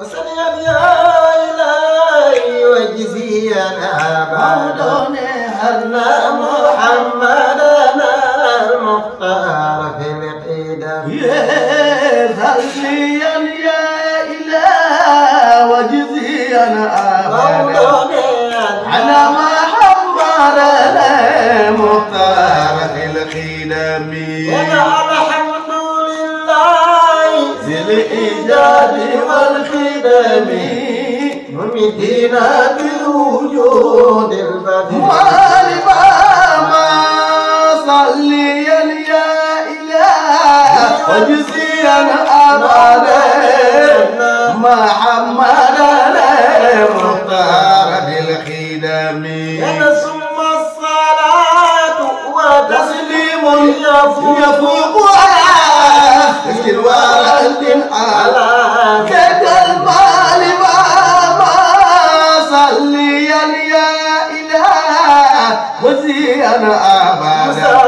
وسلم يا إلهي وجزينا بعد أن محمدنا المختار في القدم يا خليا يا على ما حضرنا مختار في القدم الإيجاد والخدم من مدينة الوجود البديع والإمام صلي يا إله وجزيا أمانة محمد المختار بالخدم ثم الصلاة وتسليم يفوق في الورد الأعلى كذا البال ما صليا يا إله مزيا أبدا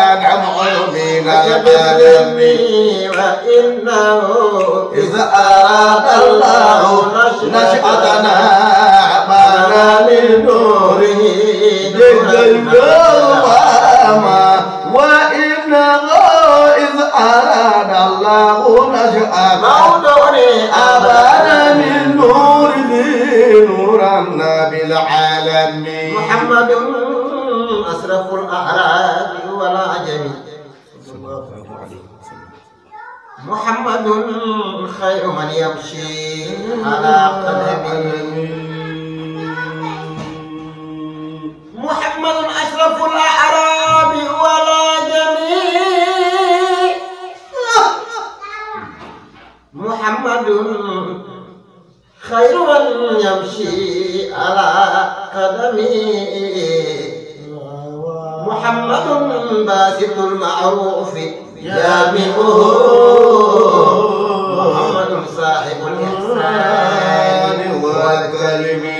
بألمي إذا أراد الله نشأتنا عبارة من نوره للجنة وإنه إذا أراد الله نشأتنا عبارة من نوره نورا بالعالمين محمد الله عليه وسلم محمد خير من يمشي على قدمي محمد أشرف الأعراب ولا جميع محمد خير من يمشي على قدمي محمد باسط المعروف جامعه محمد صاحب الإحسان والكلم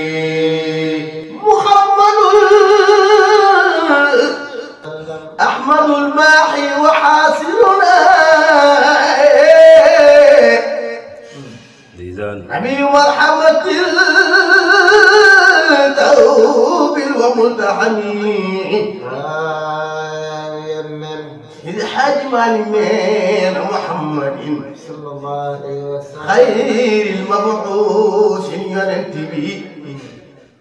الغالمين محمد صلى الله عليه وسلم خير المبعوث ينتبي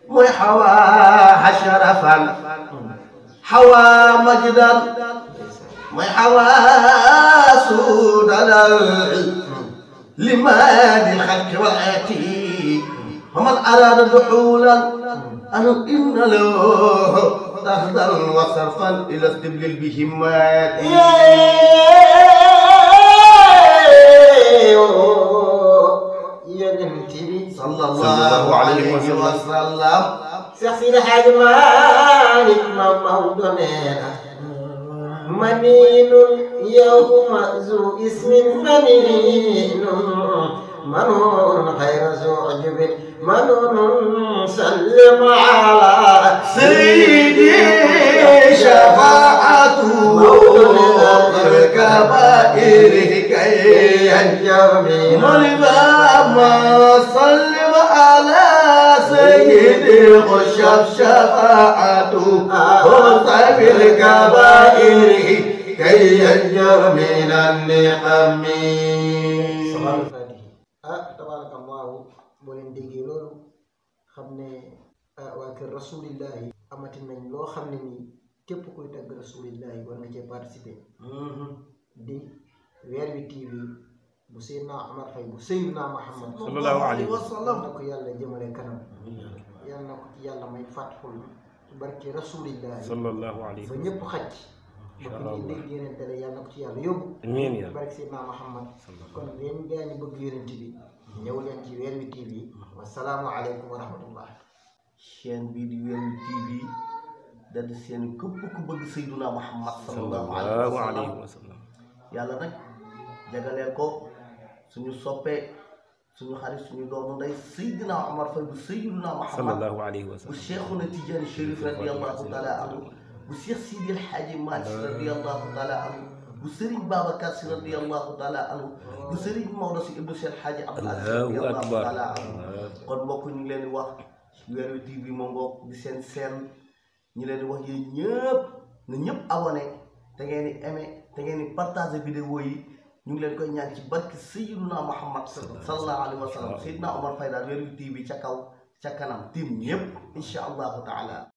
محوى شرفا حوى مجدا محوى سودا لمال الخلق والآتي ومن أراد دخولا أن إن له أخضر وصرفا إلى استبلل بهمات يا بنتي صلى الله عليه وسلم سيحصل حاج مالك موضوعنا منين يوم ذو اسم منين منون خير زوج عجب منون سلم على سيدي شفاعته غفر الكبائر كي ينجم ما سلم على سيدي خشب شفاعته غفر الكبائر كي ينجو من النعم ah tabaraka allahu boo leen déggee loolu xam ne ah, waa kër rasulillahi amati nañ loo xam ne ni képp kuy tagg rasulillahi war nga cee participer mm-hmm. di weer wi tv bu Seydina Omar Faye bu Seydina Muhammad sallallahu alayhi wa sallam na ko yàlla jëmale kanam yàlla na ko ci yàlla may fàttxul barki rasulillahi sallallahu alayhi ba ñëpp xaj incha allah dégg yonente la yàlla na ko ci yàlla yóbbu. amiin yàlla barke Seydina Muhammad kon leen gaa ñu bëgg yonente bi ñëw leen ci Weer Wii TV wasalaamualeykum wa rahmatullah. chaîne bii di Weer Wii TV da di seen képp ku bëgg Seydina Muhammad sallallahu alayhi wa sallam yàlla nag jagaleel ko suñu soppee. suñu xarit suñu doomu ndey Seydina Omar Faye bu Seydina Muhammad sallallahu alayhi wa sallam bu Cheikhuna Tidiane Chérif radiyallahu taala anhu bu Cheikh Sidil Hadji Malick si radiyallahu taala anhu bu Serigne Babacar si radiyallahu taala anhu bu Serigne Maodo si ibnu Cheikh Hadji Abdou Aziz radiyallahu taala anhu kon mbokk ñu ngi leen di wax Weer Wii TV moom mbokk di seen seen ñu leen di wax yéen ñëpp na ñëpp abonné te ngeen di aimé te ngeen di partagé vidéo yi ñu ngi leen koy ñaan ci barki Sayyiduna Muhammad sallallahu alayhi wa sallam Sayyiduna Omar Faye daal Weer Wii TV ca kaw ca kanam tim ñëpp incha allahu taala